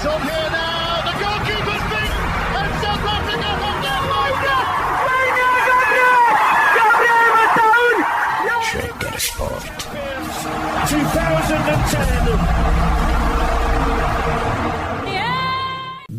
It's on here.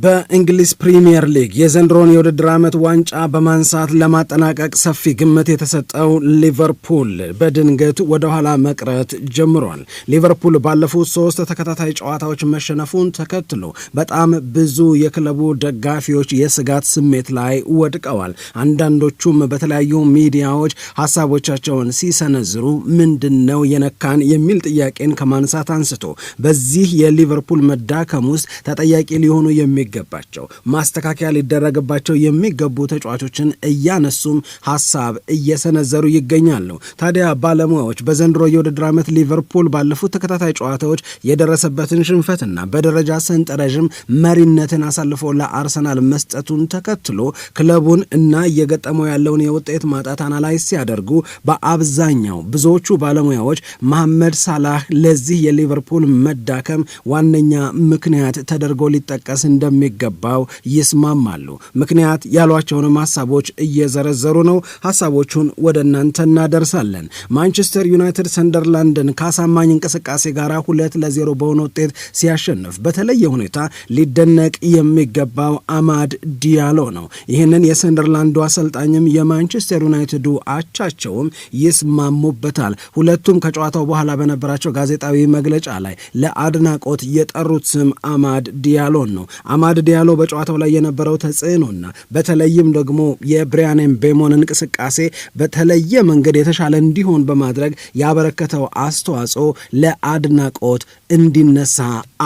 በእንግሊዝ ፕሪምየር ሊግ የዘንድሮን የውድድር ዓመት ዋንጫ በማንሳት ለማጠናቀቅ ሰፊ ግምት የተሰጠው ሊቨርፑል በድንገት ወደኋላ መቅረት ጀምሯል። ሊቨርፑል ባለፉት ሶስት ተከታታይ ጨዋታዎች መሸነፉን ተከትሎ በጣም ብዙ የክለቡ ደጋፊዎች የስጋት ስሜት ላይ ወድቀዋል። አንዳንዶቹም በተለያዩ ሚዲያዎች ሀሳቦቻቸውን ሲሰነዝሩ ምንድን ነው የነካን የሚል ጥያቄን ከማንሳት አንስቶ በዚህ የሊቨርፑል መዳከም ውስጥ ተጠያቂ ሊሆኑ የሚ የሚገባቸው ማስተካከያ ሊደረግባቸው የሚገቡ ተጫዋቾችን እያነሱም ሀሳብ እየሰነዘሩ ይገኛሉ። ታዲያ ባለሙያዎች በዘንድሮ የውድድር ዓመት ሊቨርፑል ባለፉት ተከታታይ ጨዋታዎች የደረሰበትን ሽንፈትና በደረጃ ሰንጠረዥም መሪነትን አሳልፎ ለአርሰናል መስጠቱን ተከትሎ ክለቡን እና እየገጠመው ያለውን የውጤት ማጣት አናላይዝ ሲያደርጉ በአብዛኛው ብዙዎቹ ባለሙያዎች መሐመድ ሳላህ ለዚህ የሊቨርፑል መዳከም ዋነኛ ምክንያት ተደርጎ ሊጠቀስ እንደሚ የሚገባው ይስማማሉ። ምክንያት ያሏቸውንም ሀሳቦች እየዘረዘሩ ነው። ሀሳቦቹን ወደ እናንተ እናደርሳለን። ማንቸስተር ዩናይትድ ሰንደርላንድን ከአሳማኝ እንቅስቃሴ ጋር ሁለት ለዜሮ በሆነ ውጤት ሲያሸንፍ በተለየ ሁኔታ ሊደነቅ የሚገባው አማድ ዲያሎ ነው። ይህንን የሰንደርላንዱ አሰልጣኝም የማንቸስተር ዩናይትዱ አቻቸውም ይስማሙበታል። ሁለቱም ከጨዋታው በኋላ በነበራቸው ጋዜጣዊ መግለጫ ላይ ለአድናቆት የጠሩት ስም አማድ ዲያሎን ነው። አማድ ዲያሎ በጨዋታው ላይ የነበረው ተጽዕኖና በተለይም ደግሞ የብሪያን ኤምቤሞን እንቅስቃሴ በተለየ መንገድ የተሻለ እንዲሆን በማድረግ ያበረከተው አስተዋጽኦ ለአድናቆት እንዲነሳ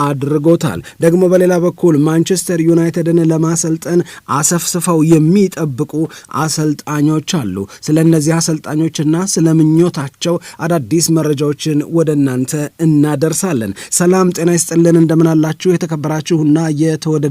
አድርጎታል። ደግሞ በሌላ በኩል ማንቸስተር ዩናይትድን ለማሰልጠን አሰፍስፈው የሚጠብቁ አሰልጣኞች አሉ። ስለ እነዚህ አሰልጣኞችና ስለ ምኞታቸው አዳዲስ መረጃዎችን ወደ እናንተ እናደርሳለን። ሰላም ጤና ይስጥልን። እንደምናላችሁ የተከበራችሁና የተወደደ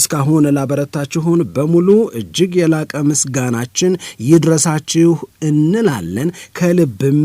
እስካሁን ላበረታችሁን በሙሉ እጅግ የላቀ ምስጋናችን ይድረሳችሁ እንላለን ከልብም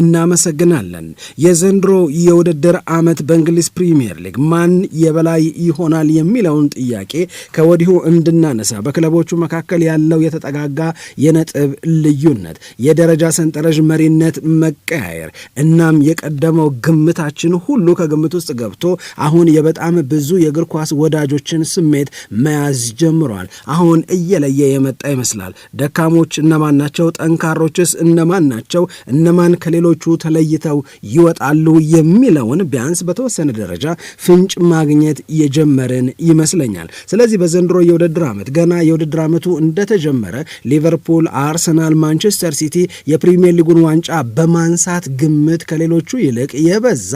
እናመሰግናለን። የዘንድሮ የውድድር ዓመት በእንግሊዝ ፕሪምየር ሊግ ማን የበላይ ይሆናል የሚለውን ጥያቄ ከወዲሁ እንድናነሳ በክለቦቹ መካከል ያለው የተጠጋጋ የነጥብ ልዩነት፣ የደረጃ ሰንጠረዥ መሪነት መቀያየር፣ እናም የቀደመው ግምታችን ሁሉ ከግምት ውስጥ ገብቶ አሁን የበጣም ብዙ የእግር ኳስ ወዳጆችን ስሜት መያዝ ጀምሯል። አሁን እየለየ የመጣ ይመስላል። ደካሞች እነማን ናቸው? ጠንካሮችስ እነማን ናቸው? እነማን ከሌ ከሌሎቹ ተለይተው ይወጣሉ የሚለውን ቢያንስ በተወሰነ ደረጃ ፍንጭ ማግኘት የጀመርን ይመስለኛል። ስለዚህ በዘንድሮ የውድድር ዓመት ገና የውድድር ዓመቱ እንደተጀመረ ሊቨርፑል፣ አርሰናል፣ ማንቸስተር ሲቲ የፕሪሚየር ሊጉን ዋንጫ በማንሳት ግምት ከሌሎቹ ይልቅ የበዛ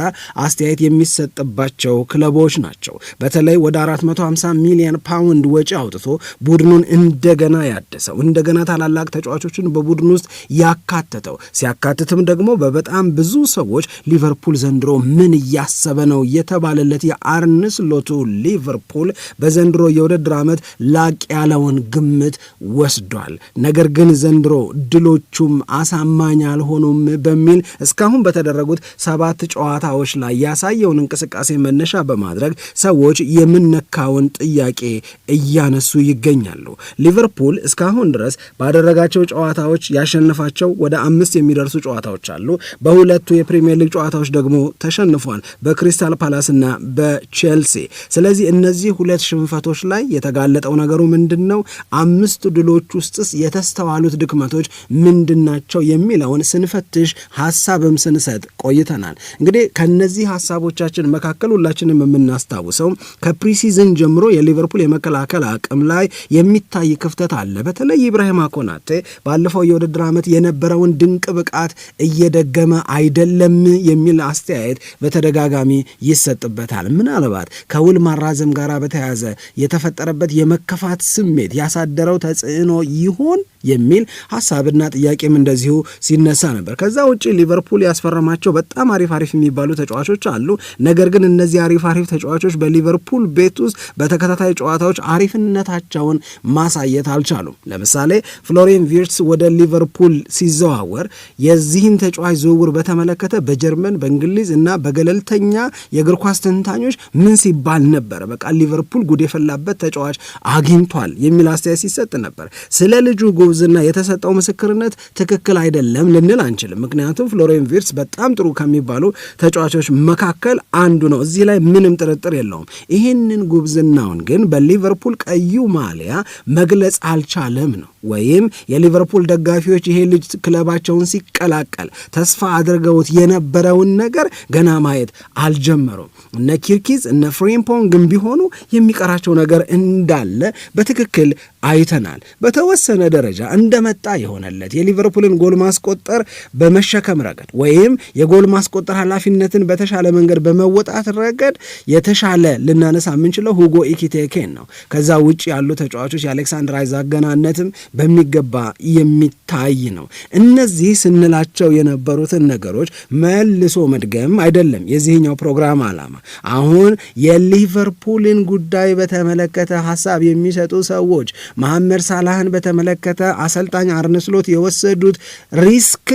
አስተያየት የሚሰጥባቸው ክለቦች ናቸው። በተለይ ወደ 450 ሚሊዮን ፓውንድ ወጪ አውጥቶ ቡድኑን እንደገና ያደሰው እንደገና ታላላቅ ተጫዋቾችን በቡድን ውስጥ ያካተተው ሲያካትትም ደግሞ በበጣም ብዙ ሰዎች ሊቨርፑል ዘንድሮ ምን እያሰበ ነው የተባለለት የአርነ ስሎቱ ሊቨርፑል በዘንድሮ የውድድር ዓመት ላቅ ያለውን ግምት ወስዷል። ነገር ግን ዘንድሮ ድሎቹም አሳማኝ አልሆኑም በሚል እስካሁን በተደረጉት ሰባት ጨዋታዎች ላይ ያሳየውን እንቅስቃሴ መነሻ በማድረግ ሰዎች የምነካውን ጥያቄ እያነሱ ይገኛሉ። ሊቨርፑል እስካሁን ድረስ ባደረጋቸው ጨዋታዎች ያሸነፋቸው ወደ አምስት የሚደርሱ ጨዋታዎች አሉ። ይገኛሉ። በሁለቱ የፕሪሚየር ሊግ ጨዋታዎች ደግሞ ተሸንፏል፣ በክሪስታል ፓላስ እና በቼልሲ። ስለዚህ እነዚህ ሁለት ሽንፈቶች ላይ የተጋለጠው ነገሩ ምንድን ነው? አምስቱ ድሎች ውስጥስ የተስተዋሉት ድክመቶች ምንድናቸው? የሚለውን ስንፈትሽ ሀሳብም ስንሰጥ ቆይተናል። እንግዲህ ከነዚህ ሀሳቦቻችን መካከል ሁላችንም የምናስታውሰው ከፕሪሲዝን ጀምሮ የሊቨርፑል የመከላከል አቅም ላይ የሚታይ ክፍተት አለ። በተለይ ኢብራሂም ኮናቴ ባለፈው የውድድር ዓመት የነበረውን ድንቅ ብቃት እየ የተደገመ አይደለም የሚል አስተያየት በተደጋጋሚ ይሰጥበታል። ምናልባት ከውል ማራዘም ጋር በተያያዘ የተፈጠረበት የመከፋት ስሜት ያሳደረው ተጽዕኖ ይሆን የሚል ሀሳብና ጥያቄም እንደዚሁ ሲነሳ ነበር። ከዛ ውጭ ሊቨርፑል ያስፈረማቸው በጣም አሪፍ አሪፍ የሚባሉ ተጫዋቾች አሉ። ነገር ግን እነዚህ አሪፍ አሪፍ ተጫዋቾች በሊቨርፑል ቤት ውስጥ በተከታታይ ጨዋታዎች አሪፍነታቸውን ማሳየት አልቻሉም። ለምሳሌ ፍሎሪን ቪርትስ ወደ ሊቨርፑል ሲዘዋወር የዚህን ተጫዋ ተጫዋች ዝውውር በተመለከተ በጀርመን በእንግሊዝ እና በገለልተኛ የእግር ኳስ ተንታኞች ምን ሲባል ነበረ? በቃ ሊቨርፑል ጉድ የፈላበት ተጫዋች አግኝቷል የሚል አስተያየት ሲሰጥ ነበር። ስለ ልጁ ጉብዝና የተሰጠው ምስክርነት ትክክል አይደለም ልንል አንችልም። ምክንያቱም ፍሎሬን ቪርስ በጣም ጥሩ ከሚባሉ ተጫዋቾች መካከል አንዱ ነው። እዚህ ላይ ምንም ጥርጥር የለውም። ይህንን ጉብዝናውን ግን በሊቨርፑል ቀዩ ማሊያ መግለጽ አልቻለም ነው ወይም የሊቨርፑል ደጋፊዎች ይሄ ልጅ ክለባቸውን ሲቀላቀል ተስፋ አድርገውት የነበረውን ነገር ገና ማየት አልጀመሩም። እነ ኪርኪዝ እነ ፍሬምፖንግም ቢሆኑ የሚቀራቸው ነገር እንዳለ በትክክል አይተናል። በተወሰነ ደረጃ እንደመጣ የሆነለት የሊቨርፑልን ጎል ማስቆጠር በመሸከም ረገድ ወይም የጎል ማስቆጠር ኃላፊነትን በተሻለ መንገድ በመወጣት ረገድ የተሻለ ልናነሳ የምንችለው ሁጎ ኢኪቴኬን ነው። ከዛ ውጭ ያሉ ተጫዋቾች የአሌክሳንድር አይዛገናነትም በሚገባ የሚታይ ነው። እነዚህ ስንላቸው የነበሩትን ነገሮች መልሶ መድገም አይደለም የዚህኛው ፕሮግራም ዓላማ። አሁን የሊቨርፑልን ጉዳይ በተመለከተ ሀሳብ የሚሰጡ ሰዎች መሐመድ ሳላህን በተመለከተ አሰልጣኝ አርነስሎት የወሰዱት ሪስክ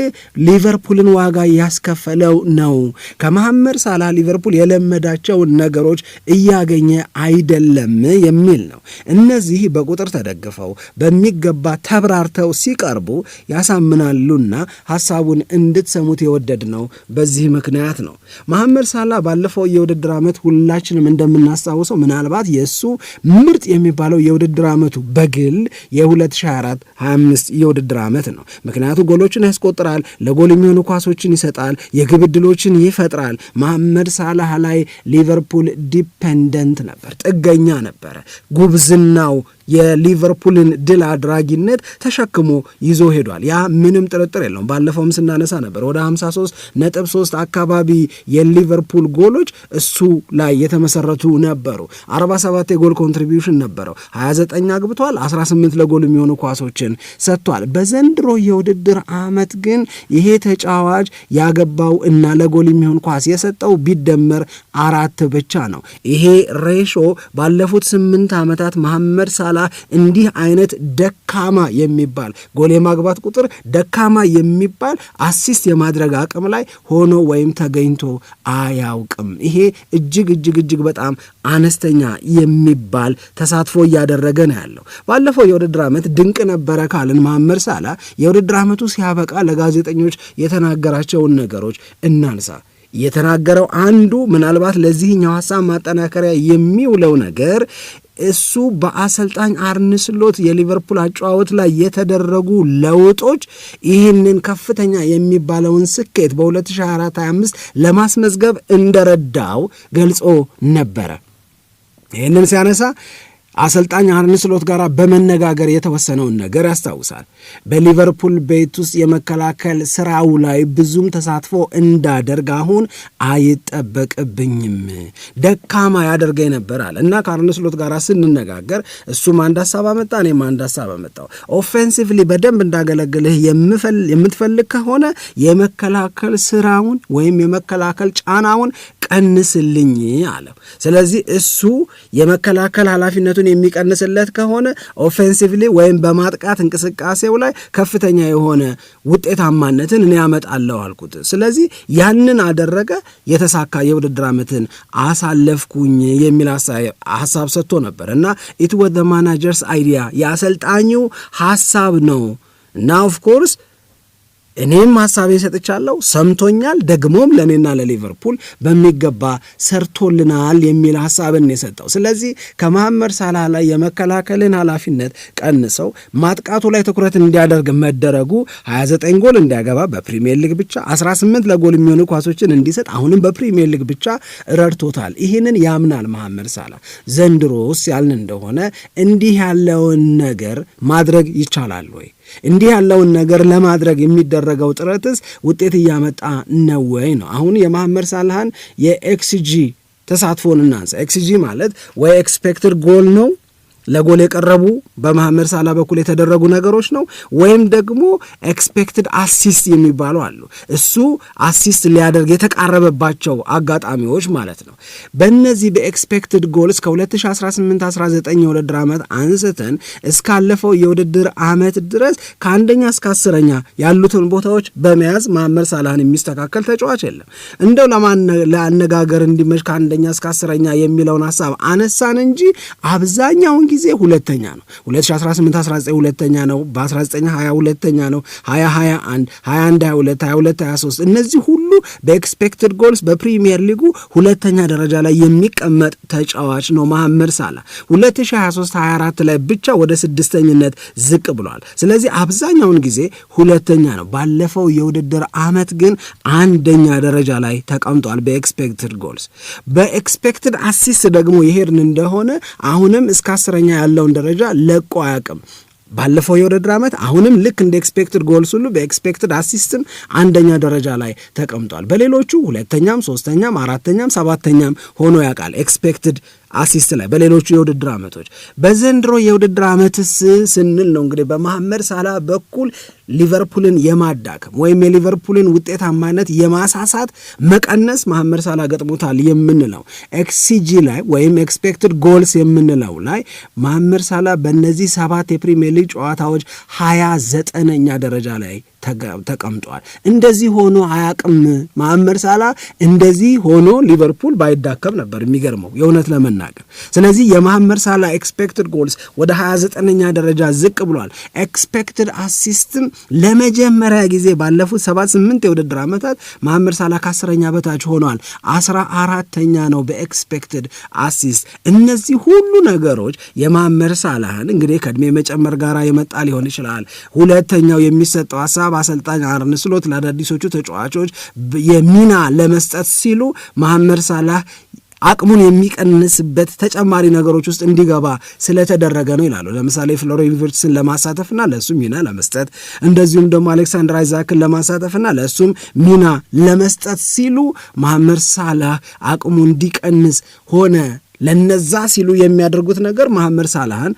ሊቨርፑልን ዋጋ ያስከፈለው ነው። ከመሐመድ ሳላህ ሊቨርፑል የለመዳቸውን ነገሮች እያገኘ አይደለም የሚል ነው። እነዚህ በቁጥር ተደግፈው በሚገባ ተብራርተው ሲቀርቡ ያሳምናሉና ሀሳቡን እንድትሰሙት የወደድ ነው። በዚህ ምክንያት ነው መሐመድ ሳላ ባለፈው የውድድር ዓመት ሁላችንም እንደምናስታውሰው ምናልባት የእሱ ምርጥ የሚባለው የውድድር ዓመቱ በ በግል የ2024/25 የውድድር ዓመት ነው። ምክንያቱ ጎሎችን ያስቆጥራል፣ ለጎል የሚሆኑ ኳሶችን ይሰጣል፣ የግብ ዕድሎችን ይፈጥራል። መሐመድ ሳላህ ላይ ሊቨርፑል ዲፔንደንት ነበር፣ ጥገኛ ነበረ። ጉብዝናው የሊቨርፑልን ድል አድራጊነት ተሸክሞ ይዞ ሄዷል። ያ ምንም ጥርጥር የለውም። ባለፈውም ስናነሳ ነበር ወደ 53 ነጥብ 3 አካባቢ የሊቨርፑል ጎሎች እሱ ላይ የተመሰረቱ ነበሩ። 47 የጎል ኮንትሪቢሽን ነበረው። 29 አግብቷል። 18 ለጎል የሚሆኑ ኳሶችን ሰጥቷል። በዘንድሮ የውድድር ዓመት ግን ይሄ ተጫዋች ያገባው እና ለጎል የሚሆን ኳስ የሰጠው ቢደመር አራት ብቻ ነው። ይሄ ሬሾ ባለፉት ስምንት ዓመታት መሐመድ ሳላ በኋላ እንዲህ አይነት ደካማ የሚባል ጎል የማግባት ቁጥር ደካማ የሚባል አሲስት የማድረግ አቅም ላይ ሆኖ ወይም ተገኝቶ አያውቅም። ይሄ እጅግ እጅግ እጅግ በጣም አነስተኛ የሚባል ተሳትፎ እያደረገ ነው ያለው። ባለፈው የውድድር ዓመት ድንቅ ነበረ ካልን መሐመድ ሳላ የውድድር ዓመቱ ሲያበቃ ለጋዜጠኞች የተናገራቸውን ነገሮች እናንሳ። የተናገረው አንዱ ምናልባት ለዚህኛው ሀሳብ ማጠናከሪያ የሚውለው ነገር እሱ በአሰልጣኝ አርንስሎት የሊቨርፑል አጨዋወት ላይ የተደረጉ ለውጦች ይህንን ከፍተኛ የሚባለውን ስኬት በ2024/25 ለማስመዝገብ እንደረዳው ገልጾ ነበረ። ይህንን ሲያነሳ አሰልጣኝ አርነ ስሎት ጋር በመነጋገር የተወሰነውን ነገር ያስታውሳል። በሊቨርፑል ቤት ውስጥ የመከላከል ስራው ላይ ብዙም ተሳትፎ እንዳደርግ አሁን አይጠበቅብኝም፣ ደካማ ያደርገ ነበራል እና ከአርነ ስሎት ጋር ስንነጋገር እሱም አንድ ሀሳብ አመጣ፣ እኔም አንድ ሀሳብ አመጣው። ኦፌንሲቭሊ በደንብ እንዳገለግልህ የምትፈልግ ከሆነ የመከላከል ስራውን ወይም የመከላከል ጫናውን ቀንስልኝ አለው። ስለዚህ እሱ የመከላከል ኃላፊነቱ ፍጥነቱን የሚቀንስለት ከሆነ ኦፌንሲቭሊ ወይም በማጥቃት እንቅስቃሴው ላይ ከፍተኛ የሆነ ውጤታማነትን እኔ ያመጣለሁ አልኩት። ስለዚህ ያንን አደረገ፣ የተሳካ የውድድር ዓመትን አሳለፍኩኝ የሚል ሀሳብ ሰጥቶ ነበር እና ኢት ወዝ ዘ ማናጀርስ አይዲያ የአሰልጣኙ ሀሳብ ነው እና ኦፍኮርስ እኔም ሀሳቤ ሰጥቻለሁ፣ ሰምቶኛል፣ ደግሞም ለእኔና ለሊቨርፑል በሚገባ ሰርቶልናል የሚል ሀሳብን የሰጠው። ስለዚህ ከመሐመድ ሳላህ ላይ የመከላከልን ኃላፊነት ቀንሰው ማጥቃቱ ላይ ትኩረት እንዲያደርግ መደረጉ 29 ጎል እንዲያገባ በፕሪሚየር ሊግ ብቻ 18 ለጎል የሚሆኑ ኳሶችን እንዲሰጥ አሁንም በፕሪሚየር ሊግ ብቻ ረድቶታል። ይህንን ያምናል መሐመድ ሳላህ። ዘንድሮስ ያልን እንደሆነ እንዲህ ያለውን ነገር ማድረግ ይቻላል ወይ? እንዲህ ያለውን ነገር ለማድረግ የሚደረገው ጥረትስ ውጤት እያመጣ ነው ወይ ነው። አሁን የመሐመድ ሳልሃን የኤክስጂ ተሳትፎን እናንሳ። ኤክስጂ ማለት ወይ ኤክስፔክትድ ጎል ነው ለጎል የቀረቡ በመሐመድ ሳላ በኩል የተደረጉ ነገሮች ነው። ወይም ደግሞ ኤክስፔክትድ አሲስት የሚባሉ አሉ። እሱ አሲስት ሊያደርግ የተቃረበባቸው አጋጣሚዎች ማለት ነው። በእነዚህ በኤክስፔክትድ ጎልስ ከ2018/19 የውድድር ዓመት አንስተን እስካለፈው የውድድር ዓመት ድረስ ከአንደኛ እስከ አስረኛ ያሉትን ቦታዎች በመያዝ መሐመድ ሳላህን የሚስተካከል ተጫዋች የለም። እንደው ለአነጋገር እንዲመች ከአንደኛ እስከ አስረኛ የሚለውን ሀሳብ አነሳን እንጂ አብዛኛውን ጊዜ ጊዜ ሁለተኛ ነው። 2018/19 ሁለተኛ ነው። በ1920 ሁለተኛ ነው። 2021፣ 21፣ 22፣ 22፣ 23 እነዚህ ሁሉ በኤክስፔክትድ ጎልስ በፕሪሚየር ሊጉ ሁለተኛ ደረጃ ላይ የሚቀመጥ ተጫዋች ነው መሐመድ ሳላ 2023/24 ላይ ብቻ ወደ ስድስተኝነት ዝቅ ብሏል። ስለዚህ አብዛኛውን ጊዜ ሁለተኛ ነው። ባለፈው የውድድር ዓመት ግን አንደኛ ደረጃ ላይ ተቀምጧል በኤክስፔክትድ ጎልስ። በኤክስፔክትድ አሲስት ደግሞ የሄድን እንደሆነ አሁንም እስከ አስረኛ ያለውን ደረጃ ለቆ አያውቅም። ባለፈው የውድድር ዓመት አሁንም ልክ እንደ ኤክስፔክትድ ጎልስ ሁሉ በኤክስፔክትድ አሲስትም አንደኛ ደረጃ ላይ ተቀምጧል። በሌሎቹ ሁለተኛም፣ ሶስተኛም፣ አራተኛም ሰባተኛም ሆኖ ያውቃል ኤክስፔክትድ አሲስት ላይ በሌሎቹ የውድድር ዓመቶች በዘንድሮ የውድድር ዓመትስ ስንል ነው እንግዲህ በመሐመድ ሳላ በኩል ሊቨርፑልን የማዳከም ወይም የሊቨርፑልን ውጤታማነት የማሳሳት መቀነስ መሐመድ ሳላ ገጥሞታል የምንለው ኤክሲጂ ላይ ወይም ኤክስፔክትድ ጎልስ የምንለው ላይ መሐመድ ሳላ በእነዚህ ሰባት የፕሪሚየር ሊግ ጨዋታዎች ሀያ ዘጠነኛ ደረጃ ላይ ተቀምጧል። እንደዚህ ሆኖ አያቅም መሐመድ ሳላ። እንደዚህ ሆኖ ሊቨርፑል ባይዳከም ነበር የሚገርመው የእውነት ለመናገር። ስለዚህ የመሐመድ ሳላ ኤክስፔክትድ ጎልስ ወደ 29ኛ ደረጃ ዝቅ ብሏል። ኤክስፔክትድ አሲስትም ለመጀመሪያ ጊዜ ባለፉት 78 የውድድር ዓመታት መሐመድ ሳላ ከአስረኛ በታች ሆኗል። አስራ አራተኛ ነው በኤክስፔክትድ አሲስት። እነዚህ ሁሉ ነገሮች የመሐመድ ሳላህን እንግዲህ ከእድሜ መጨመር ጋር የመጣ ሊሆን ይችላል። ሁለተኛው የሚሰጠው ሀሳብ ሀሳብ አሰልጣኝ አርነ ስሎት ለአዳዲሶቹ ተጫዋቾች የሚና ለመስጠት ሲሉ መሐመድ ሳላህ አቅሙን የሚቀንስበት ተጨማሪ ነገሮች ውስጥ እንዲገባ ስለተደረገ ነው ይላሉ። ለምሳሌ ፍሎሪን ቪርትስን ለማሳተፍና ለእሱ ሚና ለመስጠት እንደዚሁም ደግሞ አሌክሳንድር አይዛክን ለማሳተፍና ለእሱም ሚና ለመስጠት ሲሉ መሐመድ ሳላህ አቅሙ እንዲቀንስ ሆነ ለነዛ ሲሉ የሚያደርጉት ነገር መሐመድ ሳላህን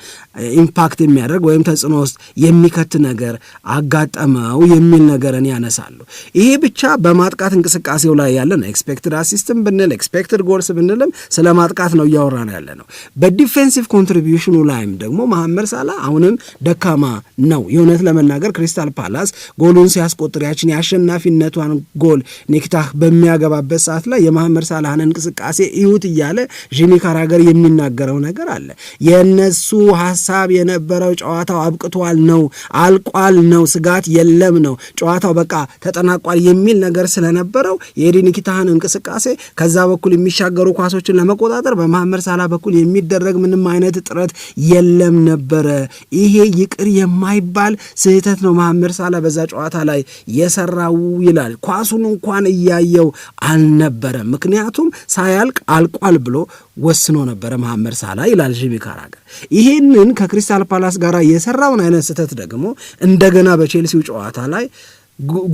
ኢምፓክት የሚያደርግ ወይም ተጽዕኖ ውስጥ የሚከት ነገር አጋጠመው የሚል ነገርን ያነሳሉ። ይሄ ብቻ በማጥቃት እንቅስቃሴው ላይ ያለ ነው። ኤክስፔክትድ አሲስትም ብንል ኤክስፔክትድ ጎልስ ብንልም ስለ ማጥቃት ነው እያወራ ነው ያለ ነው። በዲፌንሲቭ ኮንትሪቢሽኑ ላይም ደግሞ መሐመድ ሳላህ አሁንም ደካማ ነው። የእውነት ለመናገር ክሪስታል ፓላስ ጎሉን ሲያስቆጥር ያችን የአሸናፊነቷን ጎል ኒክታህ በሚያገባበት ሰዓት ላይ የመሐመድ ሳላህን እንቅስቃሴ እዩት እያለ ጂሚካ ሀገር የሚናገረው ነገር አለ። የእነሱ ሀሳብ የነበረው ጨዋታው አብቅቷል ነው፣ አልቋል ነው፣ ስጋት የለም ነው፣ ጨዋታው በቃ ተጠናቋል የሚል ነገር ስለነበረው የኤዲ እንቅስቃሴ ከዛ በኩል የሚሻገሩ ኳሶችን ለመቆጣጠር በመሐመድ ሳላ በኩል የሚደረግ ምንም አይነት ጥረት የለም ነበረ። ይሄ ይቅር የማይባል ስህተት ነው መሐመድ ሳላ በዛ ጨዋታ ላይ የሰራው ይላል። ኳሱን እንኳን እያየው አልነበረም፣ ምክንያቱም ሳያልቅ አልቋል ብሎ ወስኖ ነበረ መሐመድ ሳላ ይላል ጂሚ ካራገር። ይህንን ከክሪስታል ፓላስ ጋር የሰራውን አይነት ስህተት ደግሞ እንደገና በቼልሲው ጨዋታ ላይ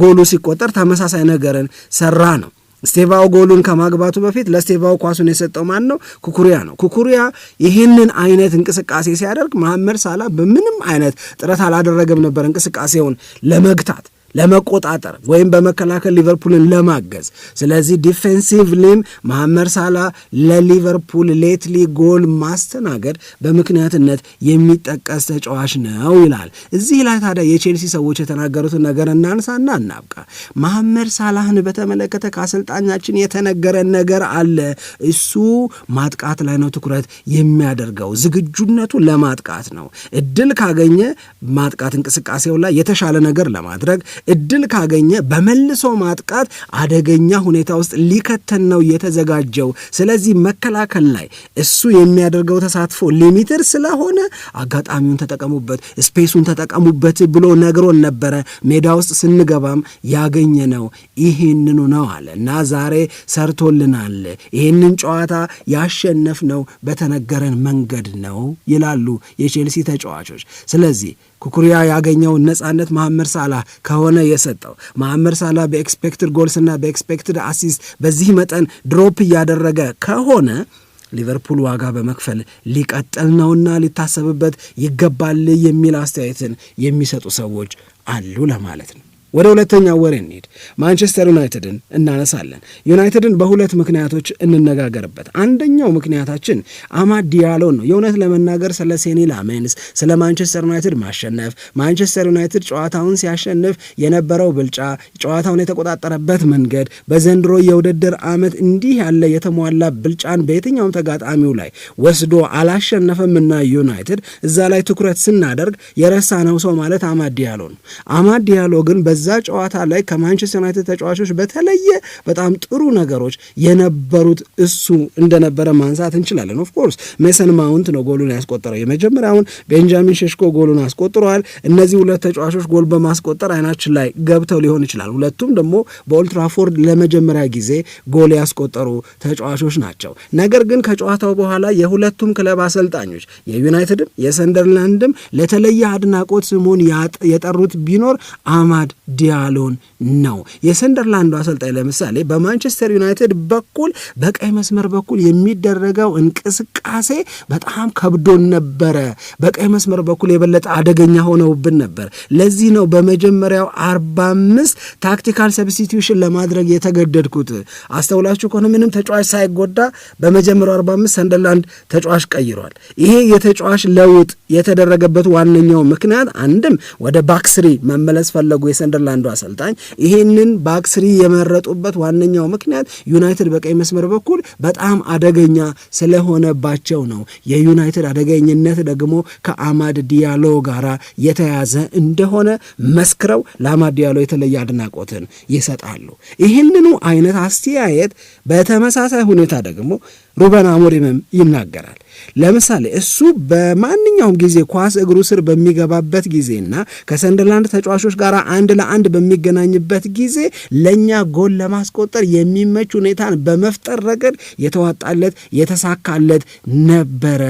ጎሉ ሲቆጠር ተመሳሳይ ነገርን ሰራ ነው። ስቴቫው ጎሉን ከማግባቱ በፊት ለስቴቫው ኳሱን የሰጠው ማን ነው? ኩኩሪያ ነው። ኩኩሪያ ይህንን አይነት እንቅስቃሴ ሲያደርግ መሐመድ ሳላ በምንም አይነት ጥረት አላደረገም ነበር እንቅስቃሴውን ለመግታት ለመቆጣጠር ወይም በመከላከል ሊቨርፑልን ለማገዝ። ስለዚህ ዲፌንሲቭሊም መሐመድ ሳላ ለሊቨርፑል ሌትሊ ጎል ማስተናገድ በምክንያትነት የሚጠቀስ ተጫዋች ነው ይላል። እዚህ ላይ ታዲያ የቼልሲ ሰዎች የተናገሩትን ነገር እናንሳና እናብቃ። መሐመድ ሳላህን በተመለከተ ከአሰልጣኛችን የተነገረን ነገር አለ። እሱ ማጥቃት ላይ ነው ትኩረት የሚያደርገው ዝግጁነቱ ለማጥቃት ነው። እድል ካገኘ ማጥቃት እንቅስቃሴው ላይ የተሻለ ነገር ለማድረግ እድል ካገኘ በመልሶ ማጥቃት አደገኛ ሁኔታ ውስጥ ሊከተን ነው የተዘጋጀው። ስለዚህ መከላከል ላይ እሱ የሚያደርገው ተሳትፎ ሊሚትር ስለሆነ አጋጣሚውን ተጠቀሙበት፣ ስፔሱን ተጠቀሙበት ብሎ ነግሮን ነበረ። ሜዳ ውስጥ ስንገባም ያገኘ ነው ይህንኑ ነው አለ እና ዛሬ ሰርቶልናል። ይህንን ጨዋታ ያሸነፍ ነው በተነገረን መንገድ ነው ይላሉ የቼልሲ ተጫዋቾች። ስለዚህ ኩኩሪያ ያገኘውን ነጻነት መሐመድ ሳላ ከሆነ የሰጠው መሐመድ ሳላ በኤክስፔክትድ ጎልስና በኤክስፔክትድ አሲስት በዚህ መጠን ድሮፕ እያደረገ ከሆነ ሊቨርፑል ዋጋ በመክፈል ሊቀጥል ነውና ሊታሰብበት ይገባል የሚል አስተያየትን የሚሰጡ ሰዎች አሉ ለማለት ነው። ወደ ሁለተኛው ወሬ እንሂድ። ማንቸስተር ዩናይትድን እናነሳለን። ዩናይትድን በሁለት ምክንያቶች እንነጋገርበት። አንደኛው ምክንያታችን አማድ ዲያሎ ነው። የእውነት ለመናገር ስለ ሴኒ ላሜንስ፣ ስለ ማንቸስተር ዩናይትድ ማሸነፍ፣ ማንቸስተር ዩናይትድ ጨዋታውን ሲያሸንፍ የነበረው ብልጫ፣ ጨዋታውን የተቆጣጠረበት መንገድ፣ በዘንድሮ የውድድር ዓመት እንዲህ ያለ የተሟላ ብልጫን በየትኛውም ተጋጣሚው ላይ ወስዶ እና ዩናይትድ እዛ ላይ ትኩረት ስናደርግ የረሳነው ሰው ማለት አማድ ዲያሎ ነው። አማድ ዲያሎ ግን በዛ ጨዋታ ላይ ከማንቸስተር ዩናይትድ ተጫዋቾች በተለየ በጣም ጥሩ ነገሮች የነበሩት እሱ እንደነበረ ማንሳት እንችላለን። ኦፍኮርስ ሜሰን ማውንት ነው ጎሉን ያስቆጠረው የመጀመሪያውን፣ ቤንጃሚን ሸሽኮ ጎሉን አስቆጥረዋል። እነዚህ ሁለት ተጫዋቾች ጎል በማስቆጠር አይናችን ላይ ገብተው ሊሆን ይችላል። ሁለቱም ደግሞ በኦልትራፎርድ ለመጀመሪያ ጊዜ ጎል ያስቆጠሩ ተጫዋቾች ናቸው። ነገር ግን ከጨዋታው በኋላ የሁለቱም ክለብ አሰልጣኞች የዩናይትድም የሰንደርላንድም ለተለየ አድናቆት ስሙን የጠሩት ቢኖር አማድ ዲያሎን ነው። የሰንደርላንዱ አሰልጣኝ ለምሳሌ በማንቸስተር ዩናይትድ በኩል በቀይ መስመር በኩል የሚደረገው እንቅስቃሴ በጣም ከብዶን ነበረ። በቀይ መስመር በኩል የበለጠ አደገኛ ሆነውብን ነበር። ለዚህ ነው በመጀመሪያው አርባ አምስት ታክቲካል ሰብስቲቱሽን ለማድረግ የተገደድኩት። አስተውላችሁ ከሆነ ምንም ተጫዋች ሳይጎዳ በመጀመሪያው አርባ አምስት ሰንደርላንድ ተጫዋች ቀይሯል። ይሄ የተጫዋች ለውጥ የተደረገበት ዋነኛው ምክንያት አንድም ወደ ባክስሪ መመለስ ፈለጉ የሰንደ የሰንደርላንዱ አሰልጣኝ ይሄንን ባክስሪ የመረጡበት ዋነኛው ምክንያት ዩናይትድ በቀኝ መስመር በኩል በጣም አደገኛ ስለሆነባቸው ነው። የዩናይትድ አደገኝነት ደግሞ ከአማድ ዲያሎ ጋራ የተያዘ እንደሆነ መስክረው ለአማድ ዲያሎ የተለየ አድናቆትን ይሰጣሉ። ይህንኑ አይነት አስተያየት በተመሳሳይ ሁኔታ ደግሞ ሩበን አሞሪምም ይናገራል። ለምሳሌ እሱ በማንኛውም ጊዜ ኳስ እግሩ ስር በሚገባበት ጊዜና ከሰንደርላንድ ተጫዋቾች ጋር አንድ ለአንድ በሚገናኝበት ጊዜ ለእኛ ጎል ለማስቆጠር የሚመች ሁኔታን በመፍጠር ረገድ የተዋጣለት የተሳካለት ነበረ።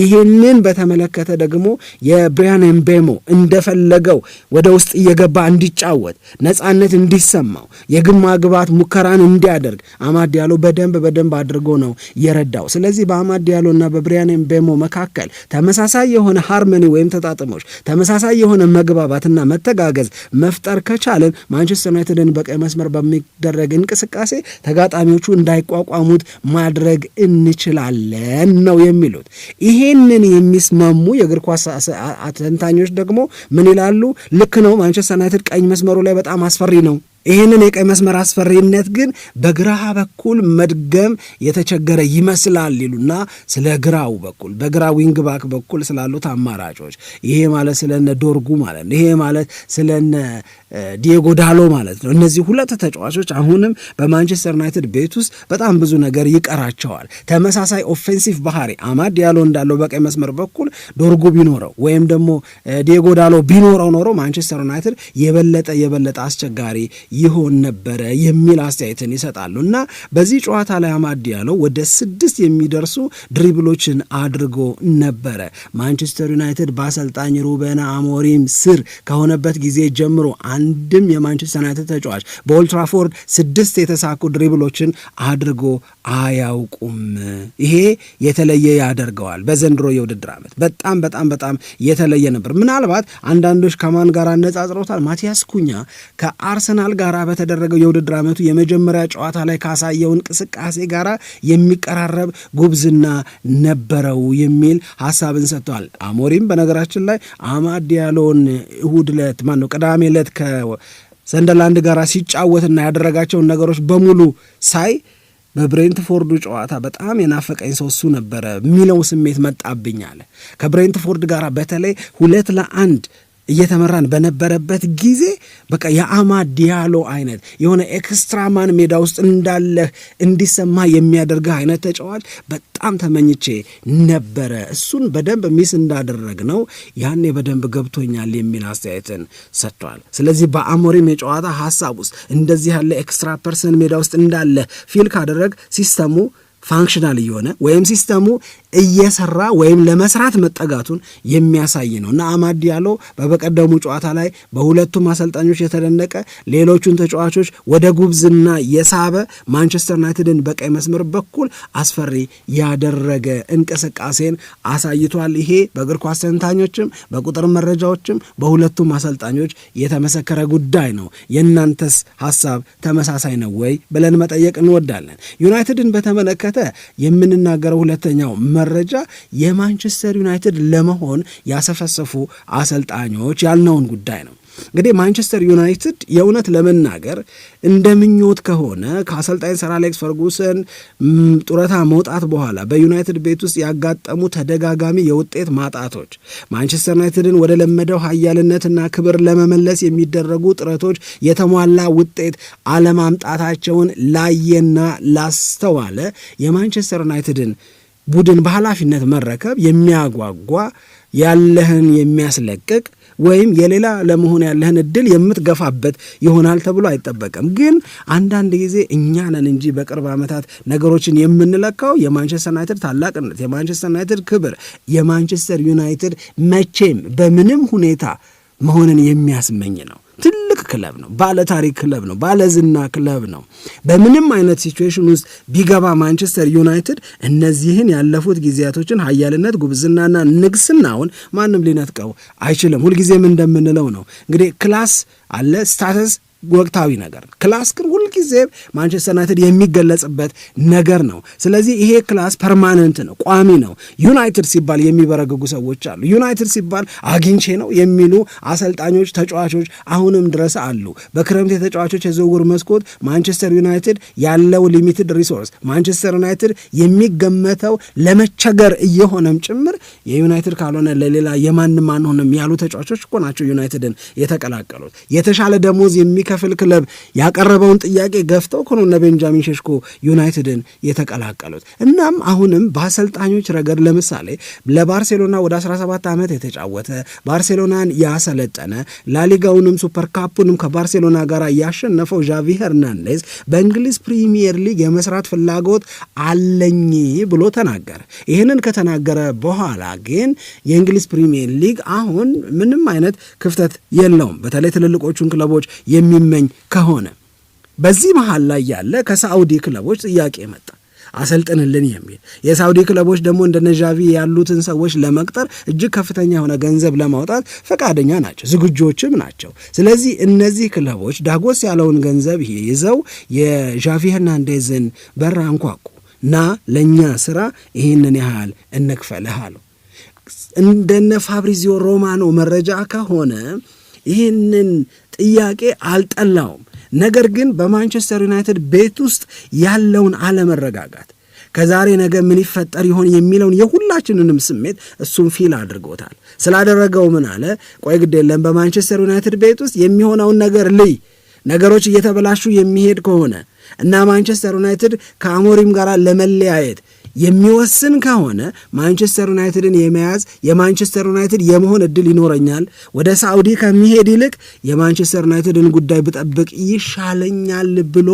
ይህንን በተመለከተ ደግሞ የብሪያን ኤምቤሞ እንደፈለገው ወደ ውስጥ እየገባ እንዲጫወት ነፃነት እንዲሰማው የግማ ግባት ሙከራን እንዲያደርግ አማድ ዲያሎ በደንብ በደንብ አድርጎ ነው የረዳው። ስለዚህ በአማድ ዲያሎና በብሪያን ኤምቤሞ መካከል ተመሳሳይ የሆነ ሃርመኒ ወይም ተጣጥሞች ተመሳሳይ የሆነ መግባባትና መተጋገዝ መፍጠር ከቻለን ማንቸስተር ዩናይትድን በቀይ መስመር በሚደረግ እንቅስቃሴ ተጋጣሚዎቹ እንዳይቋቋሙት ማድረግ እንችላለን ነው የሚሉት። ይሄንን የሚስማሙ የእግር ኳስ ተንታኞች ደግሞ ምን ይላሉ? ልክ ነው፣ ማንቸስተር ዩናይትድ ቀኝ መስመሩ ላይ በጣም አስፈሪ ነው ይህንን የቀይ መስመር አስፈሪነት ግን በግራሃ በኩል መድገም የተቸገረ ይመስላል ይሉና ስለ ግራው በኩል በግራ ዊንግ ባክ በኩል ስላሉት አማራጮች ይሄ ማለት ስለነ ዶርጉ ማለት ነው። ይሄ ማለት ስለነ ዲየጎ ዳሎ ማለት ነው። እነዚህ ሁለት ተጫዋቾች አሁንም በማንቸስተር ዩናይትድ ቤት ውስጥ በጣም ብዙ ነገር ይቀራቸዋል። ተመሳሳይ ኦፌንሲቭ ባህሪ አማድ ዲያሎ እንዳለው በቀይ መስመር በኩል ዶርጉ ቢኖረው ወይም ደግሞ ዲየጎ ዳሎ ቢኖረው ኖሮ ማንቸስተር ዩናይትድ የበለጠ የበለጠ አስቸጋሪ ይሆን ነበረ የሚል አስተያየትን ይሰጣሉ እና በዚህ ጨዋታ ላይ አማድ ያለው ወደ ስድስት የሚደርሱ ድሪብሎችን አድርጎ ነበረ። ማንቸስተር ዩናይትድ በአሰልጣኝ ሩበን አሞሪም ስር ከሆነበት ጊዜ ጀምሮ አንድም የማንቸስተር ዩናይትድ ተጫዋች በኦልትራፎርድ ስድስት የተሳኩ ድሪብሎችን አድርጎ አያውቁም። ይሄ የተለየ ያደርገዋል። በዘንድሮ የውድድር ዓመት በጣም በጣም በጣም የተለየ ነበር። ምናልባት አንዳንዶች ከማን ጋር አነጻጽረውታል? ማቲያስ ኩኛ ከአርሰናል ጋር ጋራ በተደረገው የውድድር ዓመቱ የመጀመሪያ ጨዋታ ላይ ካሳየው እንቅስቃሴ ጋራ የሚቀራረብ ጉብዝና ነበረው የሚል ሀሳብን ሰጥቷል። አሞሪም በነገራችን ላይ አማድ ያለውን እሁድ ዕለት ማነው ቅዳሜ ዕለት ከሰንደርላንድ ጋር ሲጫወትና ያደረጋቸውን ነገሮች በሙሉ ሳይ በብሬንትፎርዱ ጨዋታ በጣም የናፈቀኝ ሰው እሱ ነበረ የሚለው ስሜት መጣብኝ አለ። ከብሬንትፎርድ ጋር በተለይ ሁለት ለአንድ እየተመራን በነበረበት ጊዜ በቃ የአማ ዲያሎ አይነት የሆነ ኤክስትራማን ሜዳ ውስጥ እንዳለህ እንዲሰማ የሚያደርግህ አይነት ተጫዋች በጣም ተመኝቼ ነበረ። እሱን በደንብ ሚስ እንዳደረግ ነው ያኔ በደንብ ገብቶኛል የሚል አስተያየትን ሰጥቷል። ስለዚህ በአሞሪም የጨዋታ ሀሳብ ውስጥ እንደዚህ ያለ ኤክስትራ ፐርሰን ሜዳ ውስጥ እንዳለህ ፊል ካደረግ ሲስተሙ ፋንክሽናል እየሆነ ወይም ሲስተሙ እየሰራ ወይም ለመስራት መጠጋቱን የሚያሳይ ነው እና አማድ ዲያሎ በበቀደሙ ጨዋታ ላይ በሁለቱም አሰልጣኞች የተደነቀ ሌሎቹን ተጫዋቾች ወደ ጉብዝና የሳበ ማንቸስተር ዩናይትድን በቀይ መስመር በኩል አስፈሪ ያደረገ እንቅስቃሴን አሳይቷል። ይሄ በእግር ኳስ ተንታኞችም በቁጥር መረጃዎችም በሁለቱም አሰልጣኞች የተመሰከረ ጉዳይ ነው። የእናንተስ ሀሳብ ተመሳሳይ ነው ወይ ብለን መጠየቅ እንወዳለን። ዩናይትድን በተመለከተ በተመለከተ የምንናገረው ሁለተኛው መረጃ የማንቸስተር ዩናይትድ ለመሆን ያሰፈሰፉ አሰልጣኞች ያልነውን ጉዳይ ነው። እንግዲህ ማንቸስተር ዩናይትድ የእውነት ለመናገር እንደ ምኞት ከሆነ ከአሰልጣኝ ሰር አሌክስ ፈርጉሰን ጡረታ መውጣት በኋላ በዩናይትድ ቤት ውስጥ ያጋጠሙ ተደጋጋሚ የውጤት ማጣቶች ማንቸስተር ዩናይትድን ወደ ለመደው ኃያልነትና ክብር ለመመለስ የሚደረጉ ጥረቶች የተሟላ ውጤት አለማምጣታቸውን ላየና ላስተዋለ የማንቸስተር ዩናይትድን ቡድን በኃላፊነት መረከብ የሚያጓጓ ያለህን የሚያስለቅቅ ወይም የሌላ ለመሆን ያለህን እድል የምትገፋበት ይሆናል ተብሎ አይጠበቅም። ግን አንዳንድ ጊዜ እኛ ነን እንጂ በቅርብ ዓመታት ነገሮችን የምንለካው የማንቸስተር ዩናይትድ ታላቅነት፣ የማንቸስተር ዩናይትድ ክብር፣ የማንቸስተር ዩናይትድ መቼም በምንም ሁኔታ መሆንን የሚያስመኝ ነው። ትልቅ ክለብ ነው፣ ባለ ታሪክ ክለብ ነው፣ ባለ ዝና ክለብ ነው። በምንም አይነት ሲቹዌሽን ውስጥ ቢገባ ማንቸስተር ዩናይትድ እነዚህን ያለፉት ጊዜያቶችን ኃያልነት ጉብዝናና ንግስናውን ማንም ሊነጥቀው አይችልም። ሁልጊዜም እንደምንለው ነው እንግዲህ ክላስ አለ፣ ስታተስ ወቅታዊ ነገር ነው። ክላስ ግን ሁልጊዜ ማንቸስተር ዩናይትድ የሚገለጽበት ነገር ነው። ስለዚህ ይሄ ክላስ ፐርማነንት ነው፣ ቋሚ ነው። ዩናይትድ ሲባል የሚበረግጉ ሰዎች አሉ። ዩናይትድ ሲባል አግኝቼ ነው የሚሉ አሰልጣኞች፣ ተጫዋቾች አሁንም ድረስ አሉ። በክረምት የተጫዋቾች የዝውውር መስኮት ማንቸስተር ዩናይትድ ያለው ሊሚትድ ሪሶርስ፣ ማንቸስተር ዩናይትድ የሚገመተው ለመቸገር እየሆነም ጭምር የዩናይትድ ካልሆነ ለሌላ የማንም አንሆንም ያሉ ተጫዋቾች እኮ ናቸው ዩናይትድን የተቀላቀሉት የተሻለ ደሞዝ የሚ የሚከፍል ክለብ ያቀረበውን ጥያቄ ገፍተው ከሆነ እነ ቤንጃሚን ሸሽኮ ዩናይትድን የተቀላቀሉት። እናም አሁንም በአሰልጣኞች ረገድ ለምሳሌ ለባርሴሎና ወደ 17 ዓመት የተጫወተ ባርሴሎናን ያሰለጠነ ላሊጋውንም ሱፐር ካፑንም ከባርሴሎና ጋር ያሸነፈው ዣቪ ሄርናንዴዝ በእንግሊዝ ፕሪሚየር ሊግ የመስራት ፍላጎት አለኝ ብሎ ተናገረ። ይህንን ከተናገረ በኋላ ግን የእንግሊዝ ፕሪሚየር ሊግ አሁን ምንም አይነት ክፍተት የለውም። በተለይ ትልልቆቹን ክለቦች የሚ የሚመኝ ከሆነ በዚህ መሀል ላይ ያለ ከሳዑዲ ክለቦች ጥያቄ መጣ አሰልጥንልን የሚል የሳውዲ ክለቦች ደግሞ እንደ ነዣቪ ያሉትን ሰዎች ለመቅጠር እጅግ ከፍተኛ የሆነ ገንዘብ ለማውጣት ፈቃደኛ ናቸው፣ ዝግጆችም ናቸው። ስለዚህ እነዚህ ክለቦች ዳጎስ ያለውን ገንዘብ ይዘው የዣቪ ሄርናንዴዝን በር አንኳኩ ና ለእኛ ስራ ይህንን ያህል እንክፈልህ አሉ። እንደነ ፋብሪዚዮ ሮማኖ መረጃ ከሆነ ይህንን ጥያቄ አልጠላውም። ነገር ግን በማንቸስተር ዩናይትድ ቤት ውስጥ ያለውን አለመረጋጋት ከዛሬ ነገ ምን ይፈጠር ይሆን የሚለውን የሁላችንንም ስሜት እሱም ፊል አድርጎታል። ስላደረገው ምን አለ? ቆይ ግድ የለም በማንቸስተር ዩናይትድ ቤት ውስጥ የሚሆነውን ነገር ልይ። ነገሮች እየተበላሹ የሚሄድ ከሆነ እና ማንቸስተር ዩናይትድ ከአሞሪም ጋር ለመለያየት የሚወስን ከሆነ ማንቸስተር ዩናይትድን የመያዝ የማንቸስተር ዩናይትድ የመሆን እድል ይኖረኛል። ወደ ሳዑዲ ከሚሄድ ይልቅ የማንቸስተር ዩናይትድን ጉዳይ ብጠብቅ ይሻለኛል ብሎ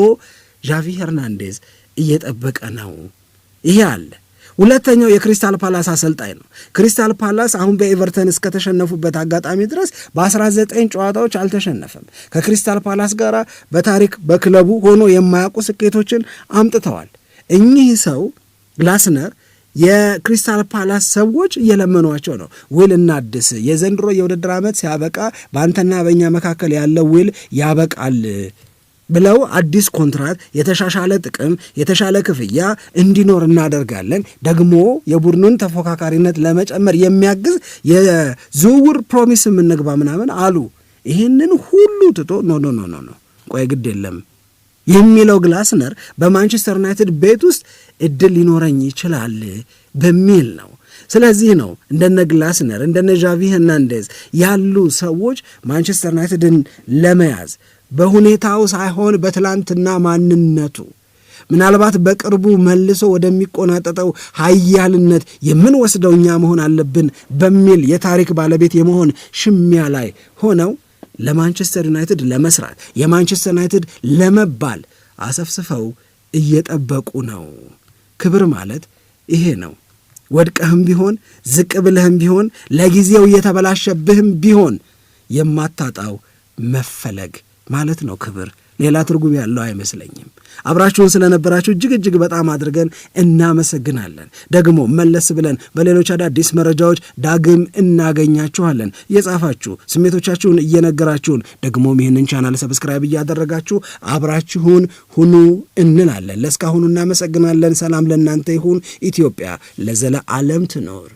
ዣቪ ሄርናንዴዝ እየጠበቀ ነው። ይሄ አለ። ሁለተኛው የክሪስታል ፓላስ አሰልጣኝ ነው። ክሪስታል ፓላስ አሁን በኤቨርተን እስከተሸነፉበት አጋጣሚ ድረስ በ19 ጨዋታዎች አልተሸነፈም። ከክሪስታል ፓላስ ጋር በታሪክ በክለቡ ሆኖ የማያውቁ ስኬቶችን አምጥተዋል። እኚህ ሰው ግላስነር የክሪስታል ፓላስ ሰዎች እየለመኗቸው ነው። ውል እናድስ፣ የዘንድሮ የውድድር ዓመት ሲያበቃ በአንተና በእኛ መካከል ያለው ውል ያበቃል ብለው አዲስ ኮንትራት፣ የተሻሻለ ጥቅም፣ የተሻለ ክፍያ እንዲኖር እናደርጋለን። ደግሞ የቡድኑን ተፎካካሪነት ለመጨመር የሚያግዝ የዝውውር ፕሮሚስ የምንግባ ምናምን አሉ። ይህንን ሁሉ ትቶ ኖ ኖ ኖ ኖ ቆይ ግድ የለም የሚለው ግላስነር በማንቸስተር ዩናይትድ ቤት ውስጥ እድል ሊኖረኝ ይችላል በሚል ነው። ስለዚህ ነው እንደነ ግላስነር እንደነ ዣቪ ሄርናንዴዝ ያሉ ሰዎች ማንቸስተር ዩናይትድን ለመያዝ በሁኔታው ሳይሆን በትላንትና ማንነቱ ምናልባት በቅርቡ መልሶ ወደሚቆናጠጠው ኃያልነት የምንወስደው እኛ መሆን አለብን በሚል የታሪክ ባለቤት የመሆን ሽሚያ ላይ ሆነው ለማንቸስተር ዩናይትድ ለመስራት የማንቸስተር ዩናይትድ ለመባል አሰፍስፈው እየጠበቁ ነው። ክብር ማለት ይሄ ነው። ወድቀህም ቢሆን ዝቅ ብለህም ቢሆን ለጊዜው እየተበላሸብህም ቢሆን የማታጣው መፈለግ ማለት ነው። ክብር ሌላ ትርጉም ያለው አይመስለኝም። አብራችሁን ስለነበራችሁ እጅግ እጅግ በጣም አድርገን እናመሰግናለን። ደግሞ መለስ ብለን በሌሎች አዳዲስ መረጃዎች ዳግም እናገኛችኋለን። እየጻፋችሁ ስሜቶቻችሁን እየነገራችሁን ደግሞ ይህንን ቻናል ሰብስክራይብ እያደረጋችሁ አብራችሁን ሁኑ እንላለን። ለእስካሁኑ እናመሰግናለን። ሰላም ለእናንተ ይሁን። ኢትዮጵያ ለዘለዓለም ትኖር።